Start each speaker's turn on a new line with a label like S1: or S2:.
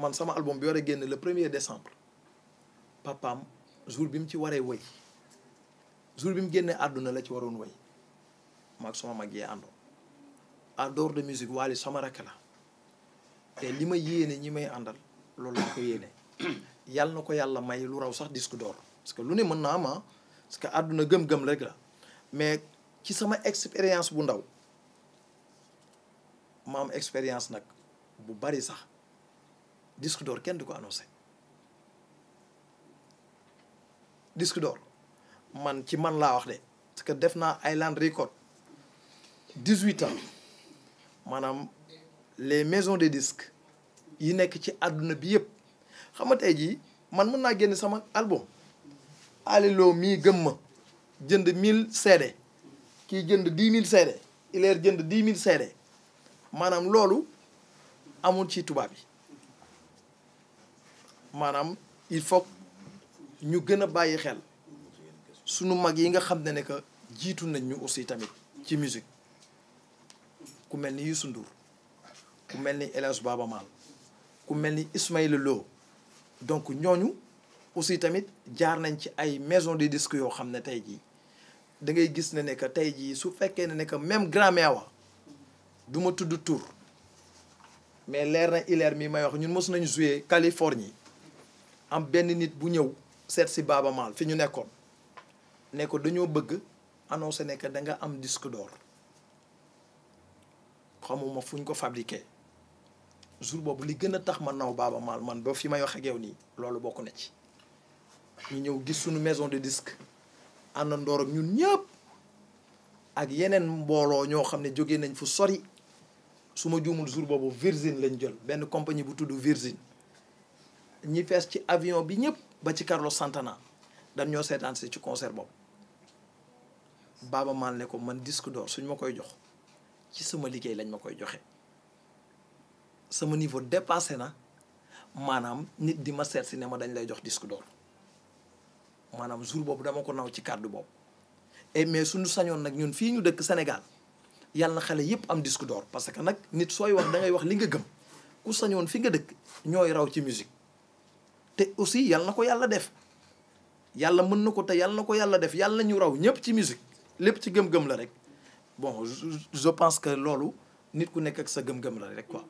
S1: man sama album bi war a génn le premier décembre papaam jour bi mu ci waree woy jour bi mu génnee àdduna la ci waroon woy maag sama mag yee àndoon en dehors de musique Wally sama rakk la te li ma yéene ñi may àndal loolu laa ko yéene yàlla na ko yàlla may lu raw sax disque door parce que lu ne mën naa ma ah. parce que àdduna gëm-gëm rek la mais ci sama expérience bu ndaw ma am expérience nag bu bari sax disque door kenn du ko annoncé disque d'or man ci man laa wax de parce que def naa Island Record dix-huit ans maanaam les maisons de disques yi nekk ci àdduna bi yëpp xam nga jii man mën naa génn sama album aliloo mii gëm ma jënd mille CD kii jënd dix mille CD ileer jënd dix mille CD maanaam loolu amul ci tubaab yi maanaam il faut ñu gën a bàyyi xel sunu mag yi nga xam ne ne que jiitu nañ ñu aussi tamit ci musique ku mel ni Youssou Ndour ku mel ni El Hadj Baaba ku mel ni Ismaïla Lo donc ñooñu aussi tamit jaar nañ ci ay maison de disque yoo xam ne tey jii da ngay gis ne ne que tey jii su fekkee ne ne que même Grand-Mewa wa du ma tudd tur mais leer na ileer mi may wax ñun mës nañu jouer Californie am benn nit bu ñëw seet si Baaba Maal fi ñu nekkoon ne ko dañoo bëgg annoncé ne que da am disque door xamuma fu ñu ko fabriqué jour boobu li gën a tax ma naw Baaba Maal man ba fi may wax nii loolu bokk na ci ñu ñëw gis suñu maison de disque àndandoor ak ñun ñëpp ak yeneen mbooloo ñoo xam ne jóge nañ fu sori su ma juumul jour boobu Virgin lañ jël benn compagnie bu tudd Virgin ñi fees ci avion bi ñëpp ba ci karlo Santana dañ ñoo seetaan si ci concert boobu Baaba Maal ne ko man disque d'or suñ ma koy jox ci sama liggéey lañ ma koy joxe sama niveau dépassé na maanaam nit di ma seet si ne ma dañ lay jox disque door maanaam jour boobu dama ko naw ci kàddu boobu et eh, mais suñu sañoon nag ñun fii ñu dëkk Sénégal yàlla na xale yëpp am disque door parce que nag nit sooy wax da ngay wax li nga gëm ku sañoon fi nga dëkk ñooy raw ci musique te aussi yal na ko yàlla def yàlla mën na ko te yal na ko yàlla def yàlla ñu raw ñëpp ci musique lépp ci gëm-gëm la rek bon je pense que loolu nit ku nekk ak sa gëm-gëm la rek ko